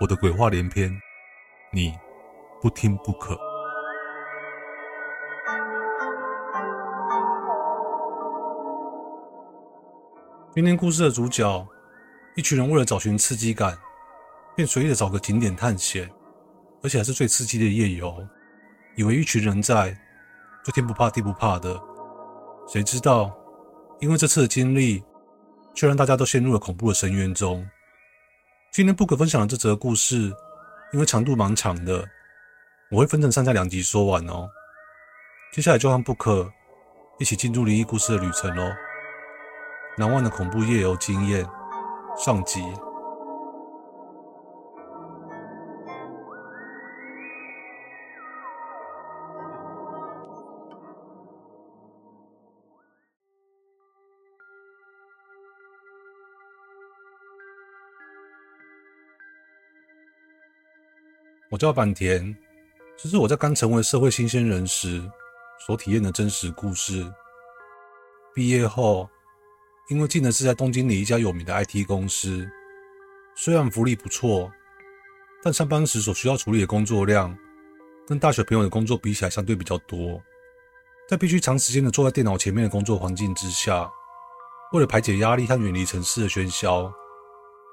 我的鬼話連篇，你不聽不可。今天故事的主角，一群人為了找尋刺激感，便隨意的找個景點探險，而且還是最刺激的夜遊，以為一群人在，就天不怕地不怕的。誰知道，因為這次的經歷，卻讓大家都陷入了恐怖的深淵中。今天 Book 分享的這則故事，因為長度蠻長的，我會分成上下兩集說完哦。接下來就讓 Book 一起進入靈異故事的旅程哦。難忘的恐怖夜遊經驗，上集。叫坂田，這是我在剛成為社會新鮮人時所體驗的真實故事。畢業後，因為進的是在東京的一家有名的 IT 公司，雖然福利不錯，但上班時所需要處理的工作量，跟大學朋友的工作比起來相對比較多。在必須長時間的坐在電腦前面的工作環境之下，為了排解壓力和遠離城市的喧囂，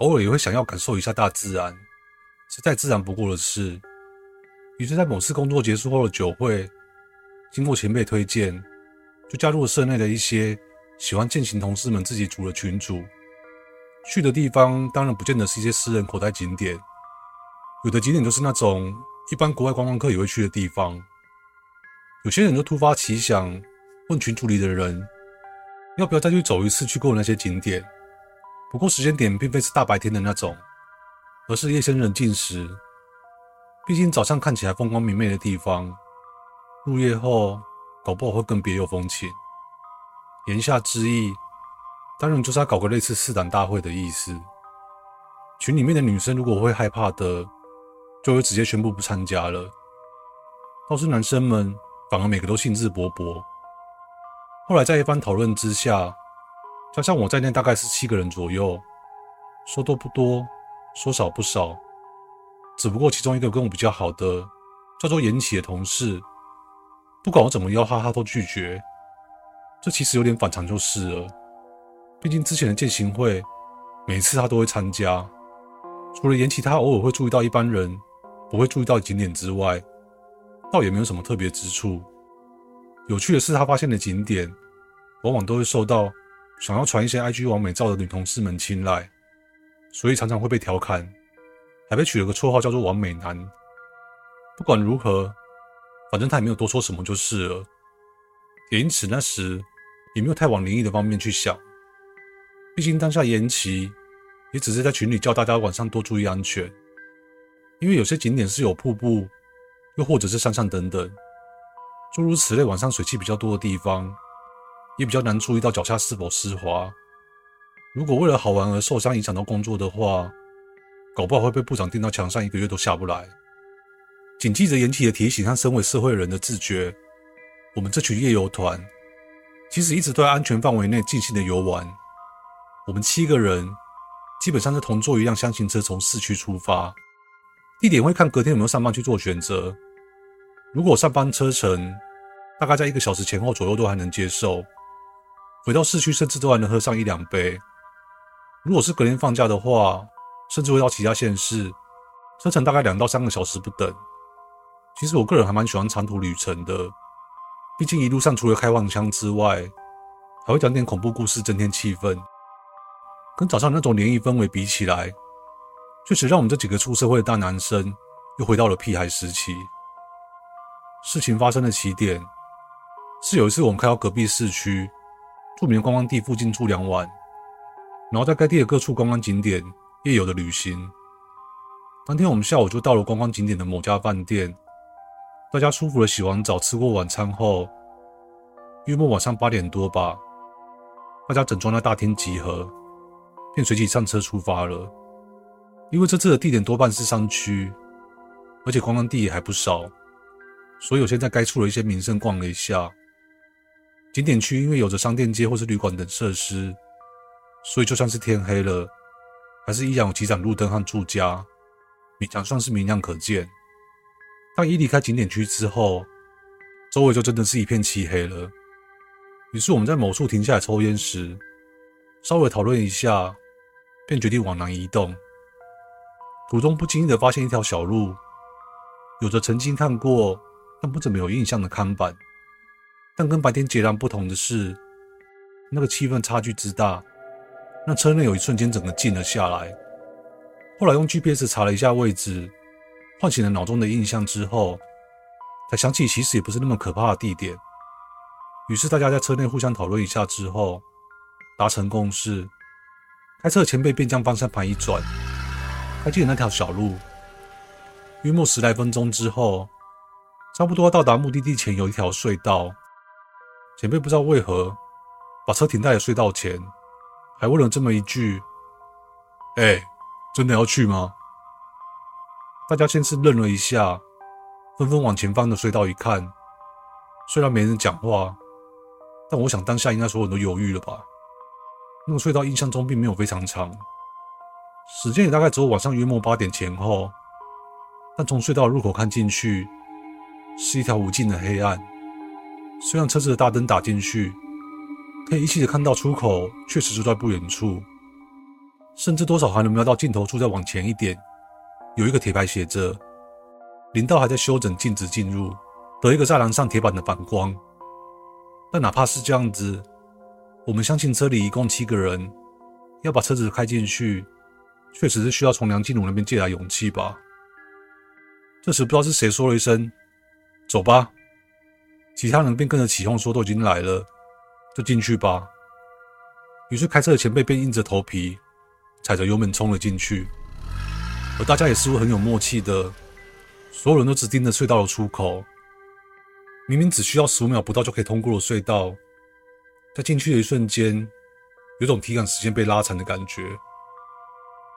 偶爾也會想要感受一下大自然。是再自然不過的事。於是，在某次工作結束後的酒會，經過前輩推薦，就加入了社內的一些喜歡健行同事們自己組的群組。去的地方當然不見得是一些私人口袋景點，有的景點就是那種一般國外觀光客也會去的地方。有些人就突發奇想，問群組裡的人，要不要再去走一次去過的那些景點？不過時間點並非是大白天的那種。而是夜深人靜時，畢竟早上看起來風光明媚的地方，入夜後搞不好會更別有風情。言下之意，當然就是要搞個類似試膽大會的意思。群裡面的女生如果會害怕的，就會直接宣布不參加了。倒是男生們反而每個都興致勃勃。後來在一番討論之下，加上我在內大概是七個人左右，說多不多。說少不少，只不過其中一個跟我比較好的，叫做延啟的同事，不管我怎麼邀他，他都拒絕。這其實有點反常，就是了。畢竟之前的餞行會，每次他都會參加。除了延啟他偶爾會，會注意到一般人不會注意到的景點之外，倒也沒有什麼特別之處。有趣的是，他發現的景點，往往都會受到想要傳一些 IG 網美照的女同事們青睞。所以常常會被調侃，還被取了個綽號叫做“王美男”。不管如何，反正他也沒有多說什麼，就是了。也因此，那時也沒有太往靈異的方面去想。畢竟當下延期，也只是在群裡叫大家晚上多注意安全，因為有些景點是有瀑布，又或者是山上、上等等，諸如此類晚上水汽比較多的地方，也比較難注意到腳下是否濕滑。如果為了好玩而受傷影響到工作的話，搞不好會被部長釘到牆上一個月都下不來。謹記著岩崎的提醒他，身為社會人的自覺，我們這群夜遊團其實一直都在安全範圍內盡心的遊玩。我們七個人基本上是同坐一輛箱型車從市區出發，地點會看隔天有沒有上班去做選擇。如果上班車程大概在一個小時前後左右都還能接受，回到市區甚至都還能喝上一兩杯。如果是隔天放假的話，甚至會到其他縣市，車程大概兩到三個小時不等。其實我個人還蠻喜歡長途旅程的，畢竟一路上除了開黃腔之外，還會講點恐怖故事，增添氣氛。跟早上那種聯誼氛圍比起來，確實讓我們這幾個出社會的大男生又回到了屁孩時期。事情發生的起點，是有一次我們開到隔壁市區著名的觀光地附近，住兩晚。然後在該地的各處觀光景點夜遊的旅行。當天我們下午就到了觀光景點的某家飯店，大家舒服的洗完澡，吃過晚餐後，約莫晚上八點多吧，大家整裝在大廳集合，便隨即上車出發了。因為這次的地點多半是山區，而且觀光地也還不少，所以我先在該處的一些名勝逛了一下。景點區因為有着商店街或是旅館等設施。所以，就算是天黑了，還是依然有幾盞路燈和住家，勉強算是明亮可見。當一離開景點區之後，周圍就真的是一片漆黑了。於是我們在某處停下來抽菸時，稍微討論一下，便決定往南移動。途中不經意地發現一條小路，有着曾經看過但不怎麼有印象的看板，但跟白天截然不同的是，那個氣氛差距之大。那車內有一瞬間整個靜了下來。後來用 GPS 查了一下位置，喚醒了腦中的印象之後，才想起其實也不是那麼可怕的地點。於是大家在車內互相討論一下之後，達成共識，開車的前輩便將方向盤一轉，開進了那條小路。約莫十來分鐘之後，差不多到達目的地前有一條隧道。前輩不知道為何把車停在了隧道前。還問了這麼一句：“哎、欸，真的要去嗎？”大家先是愣了一下，紛紛往前方的隧道一看。雖然沒人講話，但我想當下應該所有人都猶豫了吧。那個隧道印象中並沒有非常長，時間也大概只有晚上約莫八點前後。但從隧道的入口看進去，是一條無盡的黑暗。雖然車子的大燈打進去，可以依稀的看到出口，確實就在不遠處，甚至多少還能瞄到鏡頭處再往前一點，有一個鐵牌寫着“林道還在修整，禁止進入”，得一個柵欄上鐵板的反光。但哪怕是這樣子，我們相信車裡一共七個人，要把車子開進去，確實是需要從梁靜茹那邊借來勇氣吧。這時不知道是誰說了一聲“走吧”，其他人便跟着起鬨說：“都已經來了。”就進去吧。於是開車的前輩便硬着頭皮踩着油門衝了進去，而大家也似乎很有默契的，所有人都只盯着隧道的出口。明明只需要十五秒不到就可以通過了隧道，在進去的一瞬間，有種體感時間被拉長的感覺。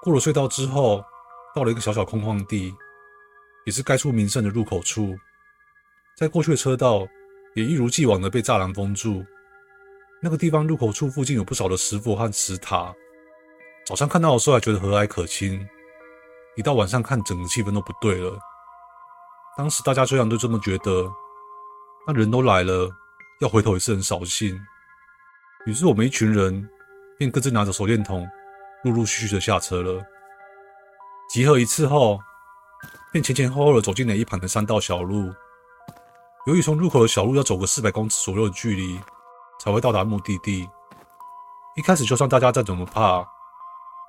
過了隧道之後，到了一個小小空曠地，也是該處名勝的入口處，在過去的車道也一如既往的被柵欄封住。那個地方入口處附近有不少的石佛和石塔，早上看到的時候還覺得和藹可親，一到晚上看整個氣氛，都不對了。當時大家雖然都這麼覺得，但人都來了，要回頭也是很掃興。於是我們一群人便各自拿着手電筒，陸陸續續的下車了。集合一次後，便前前後後的走進了一旁的山道小路。由於從入口的小路要走個四百公尺左右的距離。才會到達目的地。一開始，就算大家再怎麼怕，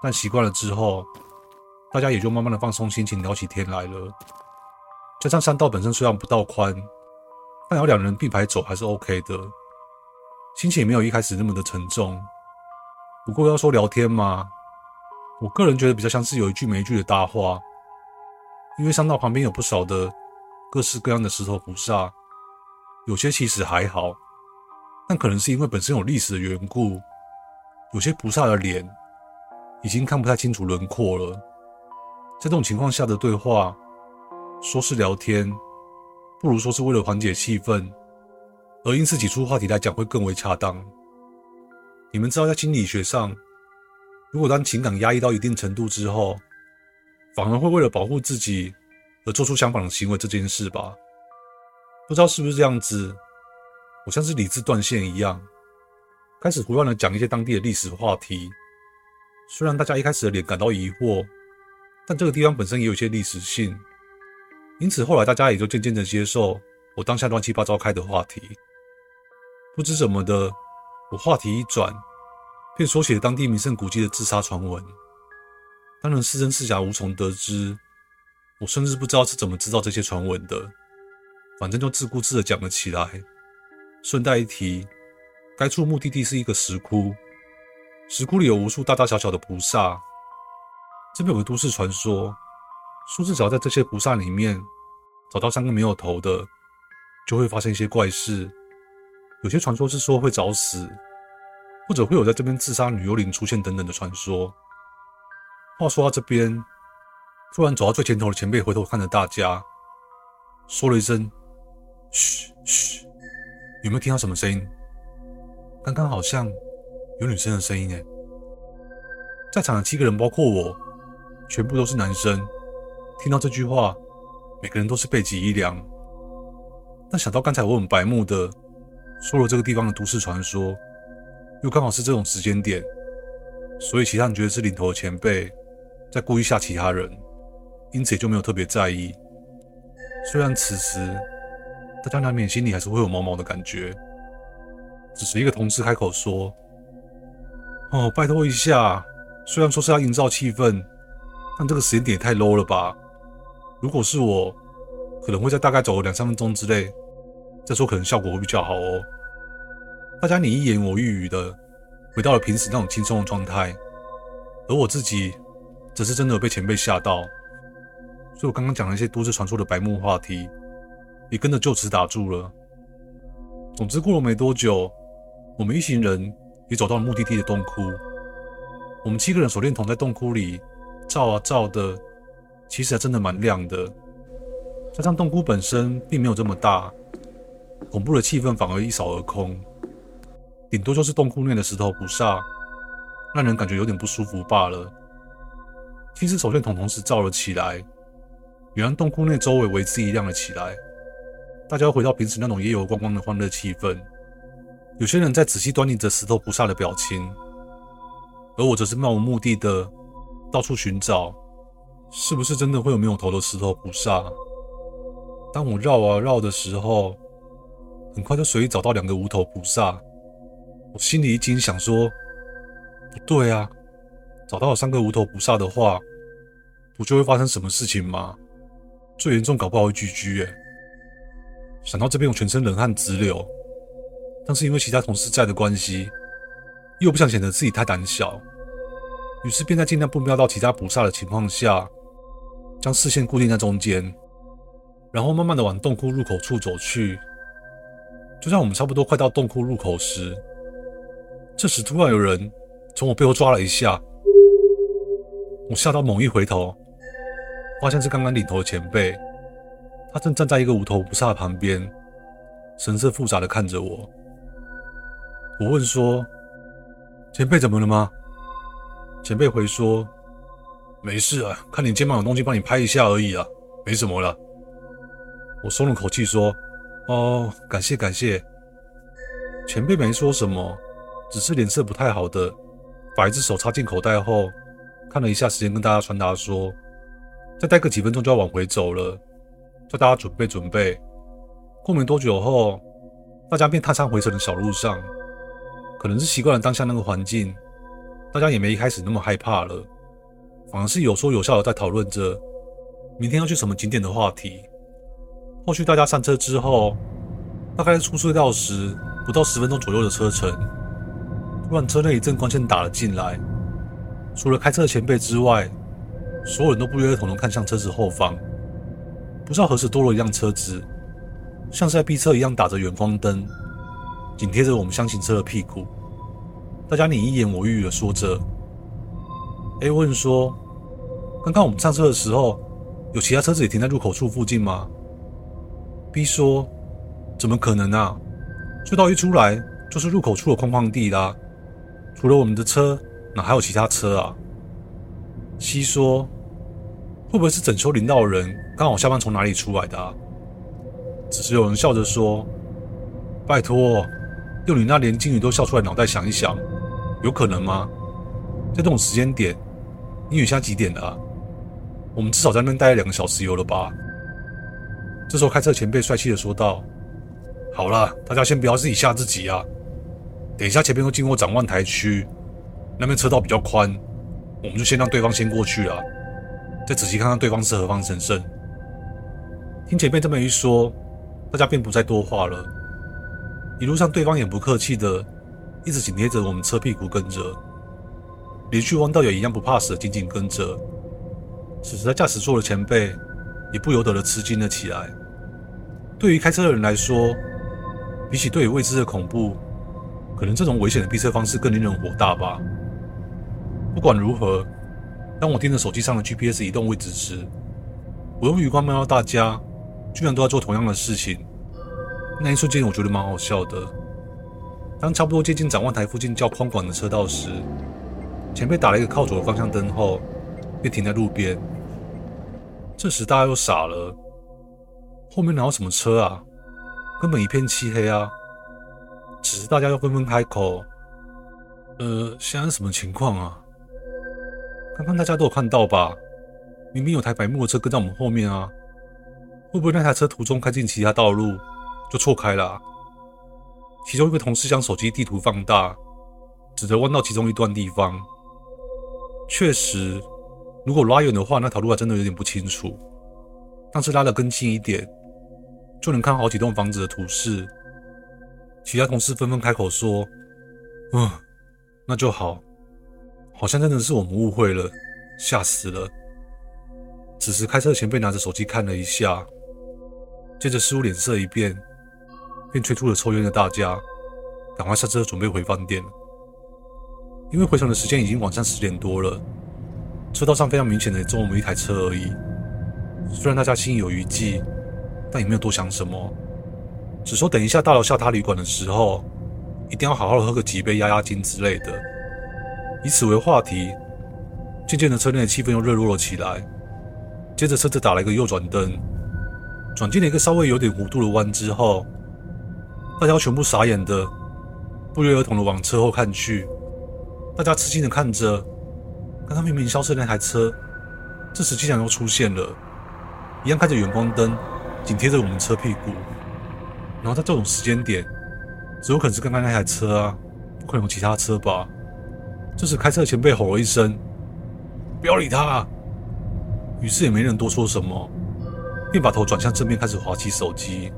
但習慣了之後，大家也就慢慢的放鬆心情，聊起天來了。加上山道本身雖然不到寬，但有兩人並排走還是 OK 的，心情也沒有一開始那麼的沉重。不過要說聊天嘛，我個人覺得比較像是有一句沒一句的搭話，因為山道旁邊有不少的各式各樣的石頭菩薩，有些其實還好。但可能是因為本身有歷史的緣故，有些菩薩的臉已經看不太清楚輪廓了。在這種情況下的對話，說是聊天，不如說是為了緩解氣氛，而因此擠出話題來講會更為恰當。你們知道，在心理學上，如果當情感壓抑到一定程度之後，反而會為了保護自己而做出相反的行為這件事吧？不知道是不是這樣子。好像是理智斷線一樣，開始胡亂的講一些當地的歷史話題。雖然大家一開始的臉感到疑惑，但這個地方本身也有一些歷史性，因此後來大家也就漸漸的接受我當下亂七八糟開的話題。不知怎麼的，我話題一轉，便說起了當地名勝古蹟的自殺傳聞。當然是真是假無從得知，我甚至不知道是怎麼知道這些傳聞的，反正就自顧自的講了起來。順帶一提，該處目的地是一個石窟，石窟裡有無數大大小小的菩薩。這邊有個都市傳說，說是只要在這些菩薩裡面找到三個沒有頭的，就會發生一些怪事。有些傳說是說會早死，或者會有在這邊自殺女幽靈出現等等的傳說。話說到這邊，突然走到最前頭的前輩回頭看着大家，說了一聲：“噓噓。”有沒有聽到什麼聲音？剛剛好像有女生的聲音欸！在場的七個人，包括我，全部都是男生。聽到這句話，每個人都是背脊一涼。但想到剛才我很白目的說了這個地方的都市傳說，又剛好是這種時間點，所以其他人覺得是領頭的前輩在故意嚇其他人，因此也就沒有特別在意。雖然此時。但難免心裡還是會有毛毛的感覺。只是一個同事開口說：“哦，拜托一下，雖然說是要營造氣氛，但這個時間點也太 low 了吧？如果是我，可能會在大概走兩三分鐘之內再說，可能效果會比較好哦。”大家你一言我一語的，回到了平時那種輕鬆的狀態。而我自己，則是真的被前輩嚇到，所以我剛剛講了一些都市傳說的白目話題。也跟着就此打住了。總之，過了沒多久，我們一行人也走到了目的地的洞窟。我們七個人手電筒在洞窟裡照啊照的，其實還真的蠻亮的。加上洞窟本身並沒有這麼大，恐怖的氣氛反而一掃而空，頂多就是洞窟內的石頭菩薩，讓人感覺有點不舒服罷了。其實手電筒同時照了起來，也讓洞窟內周圍為之一亮了起來。大家回到平時那種夜游觀光的歡樂氣氛。有些人在仔細端倪着石頭菩薩的表情，而我則是漫無目的地到處尋找，是不是真的會有沒有頭的石頭菩薩？當我繞啊繞的時候，很快就隨意找到兩個無頭菩薩。我心裡一驚，想說：“不對啊，找到了三個無頭菩薩的話，不就會發生什麼事情嗎？最嚴重搞不好會 GG。」哎。想到這邊，我全身冷汗直流。但是因為其他同事在的關係，又不想顯得自己太膽小，於是便在盡量不瞄到其他菩薩的情況下，將視線固定在中間，然後慢慢的往洞窟入口處走去。就在我們差不多快到洞窟入口時，這時突然有人從我背後抓了一下，我嚇到猛一回頭，發現是剛剛領頭的前輩。他正站在一個無頭菩薩旁邊，神色複雜的看着我。我問說：“前輩怎麼了嗎？”前輩回說：“沒事啊，看你肩膀有東西，幫你拍一下而已啊，沒什麼了。”我鬆了口氣說：“哦，感謝感謝。”前輩沒說什麼，只是臉色不太好的，把一只手插進口袋後，看了一下時間，跟大家傳達說：“再待個幾分鐘就要往回走了。”叫大家準備準備。過沒多久後，大家便踏上回程的小路上。可能是習慣了當下那個環境，大家也沒一開始那麼害怕了，反而是有說有笑的在討論着明天要去什麼景點的話題。後續大家上車之後，大概出隧道時不到十分鐘左右的車程，突然車內一陣光線打了進來，除了開車的前輩之外，所有人都不約而同的看向車子後方。不知道何時多了一輛車子，像是在逼車一樣打着遠光燈，緊貼着我們廂型車的屁股。大家你一言我一語的說着。A 問說：“剛剛我們上車的時候，有其他車子也停在入口處附近嗎？”B 說：“怎麼可能啊！隧道一出來就是入口處的空曠地啦，除了我們的車，哪還有其他車啊？”C 說。會不會是整修隧道的人剛好下班從哪裡出來的、啊？只是有人笑着說：“拜託，用你那連金魚都笑出來腦袋想一想，有可能嗎？在這種時間點，你雨現在幾點了？我們至少在那邊待了兩個小時有了吧？”這時候開車前輩帥氣的說道：“好了，大家先不要自己嚇自己啊！等一下，前面會經過展望台區，那邊車道比較寬，我們就先讓對方先過去了。”再仔細看看對方是何方神聖。聽前輩這麼一說，大家便不再多話了。一路上，對方也不客氣的，一直緊貼着我們車屁股跟着。連續彎道也一樣不怕死的緊緊跟着。此時，在駕駛座的前輩也不由得的吃驚了起來。對於開車的人來說，比起對於未知的恐怖，可能這種危險的逼車方式更令人火大吧。不管如何。當我盯着手機上的 GPS 移動位置時，我用餘光瞄到大家居然都在做同樣的事情。那一瞬間，我覺得蠻好笑的。當差不多接近展望台附近較寬廣的車道時，前輩打了一個靠左的方向燈後，便停在路邊。這時大家又傻了，後面哪有什麼車啊？根本一片漆黑啊！此時大家又紛紛開口：“呃，現在是什麼情況啊？”剛剛大家都有看到吧？明明有台白木的車跟在我們後面啊！會不會那台車途中開進其他道路，就錯開了啊？其中一個同事將手機地圖放大，指着彎道其中一段地方。確實，如果拉遠的話，那條路還真的有點不清楚。但是拉得更近一點，就能看好幾棟房子的圖示。其他同事紛紛開口說：“嗯，那就好。”好像真的是我們誤會了，嚇死了！此時開車前被拿着手機看了一下，接着師傅臉色一變，便催促了抽煙的大家，趕快下車準備回飯店。因為回程的時間已經晚上十點多了，車道上非常明顯的只有我們一台車而已。雖然大家心裡有餘悸，但也沒有多想什麼，只說等一下到了下榻旅館的時候，一定要好好的喝個幾杯壓壓驚之類的。以此為話題，漸漸的，車內的氣氛又熱絡了起來。接着，車子打了一個右轉燈，轉進了一個稍微有點弧度的彎之後，大家全部傻眼的，不約而同的往車後看去。大家吃驚的看着，剛剛明明消失那台車，這時竟然又出現了，一樣開着遠光燈，緊貼着我們車屁股。然後在這種時間點，只有可能是剛剛那台車啊，不可能有其他車吧？這時，開車的前輩吼了一聲：“不要理他啊。”於是也沒人多說什麼，便把頭轉向正面，開始滑起手機。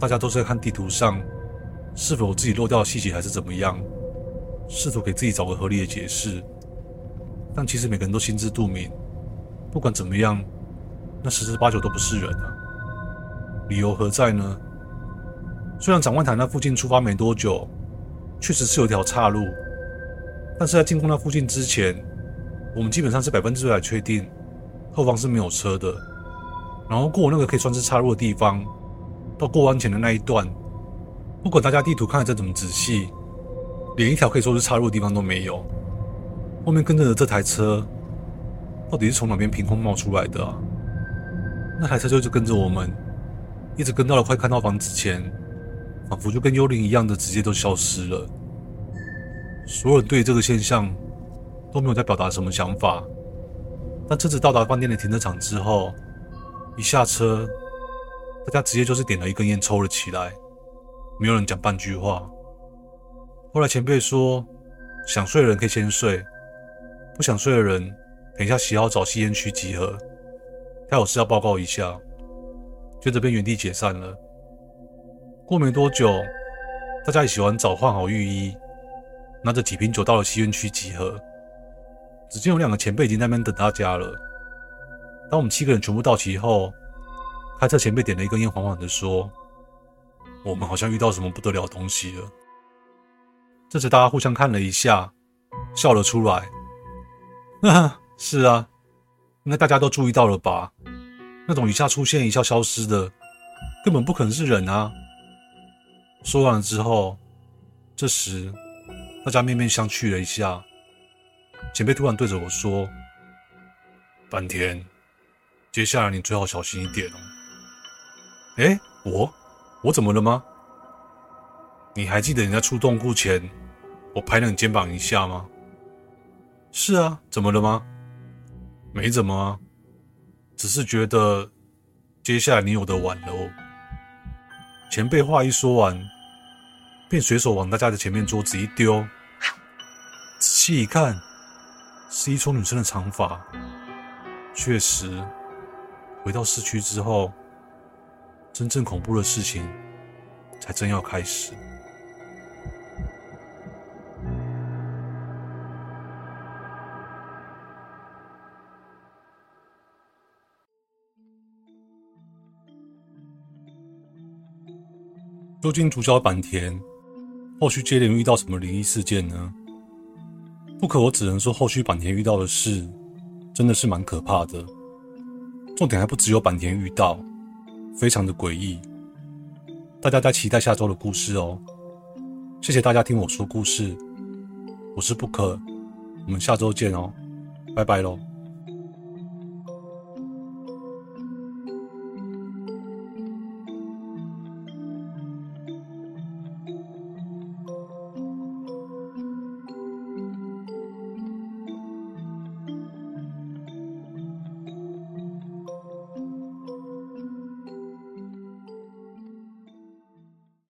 大家都是在看地圖上，是否我自己漏掉的細節，還是怎麼樣，試圖給自己找個合理的解釋。但其實每個人都心知肚明，不管怎麼樣，那十之八九都不是人啊。理由何在呢？雖然長官台那附近出發沒多久，確實是有條岔路。但是在進攻到附近之前，我們基本上是百分之百確定後方是沒有車的。然後過那個可以算是岔路的地方，到過彎前的那一段，不管大家地圖看得再怎麼仔細，連一條可以說是岔路的地方都沒有。後面跟着的這台車，到底是從哪邊憑空冒出來的啊？那台車就一直跟着我們，一直跟到了快看到房子前，仿佛就跟幽靈一樣的直接都消失了。所有人對這個現象都沒有在表達什麼想法，但車子到達飯店的停車場之後，一下車，大家直接就是點了一根煙抽了起來，沒有人講半句話。後來前輩說，想睡的人可以先睡，不想睡的人等一下洗好澡吸煙區集合，他有事要報告一下，就這邊原地解散了。過沒多久，大家也洗完澡換好浴衣。拿着幾瓶酒到了西園區集合，只見有兩個前輩已經在那邊等大家了。當我們七個人全部到齊後，開車前輩點了一根煙，緩緩地說：“我們好像遇到什麼不得了的東西了。”這時大家互相看了一下，笑了出來。“哈哈，是啊，應該大家都注意到了吧？那種一下出現一下消失的，根本不可能是人啊！”說完了之後，這時，大家面面相覷了一下，前輩突然對着我說：“坂田，接下來你最好小心一點哦。”欸，哎，我，我怎麼了嗎？你還記得你在出洞窟前，我拍了你肩膀一下嗎？是啊，怎麼了嗎？沒怎麼，只是覺得接下來你有得玩了哦。前輩話一說完，便隨手往大家的前面桌子一丟，仔細一看，是一撮女生的長髮。確實，回到市區之後，真正恐怖的事情才正要開始。究竟主角坂田。後續接連遇到什麼靈異事件呢？不可，我只能說後續坂田遇到的事真的是蠻可怕的。重點還不只有坂田遇到，非常的詭異。大家在期待下周的故事哦。謝謝大家聽我說故事，我是不可，我們下周見哦，拜拜嘍。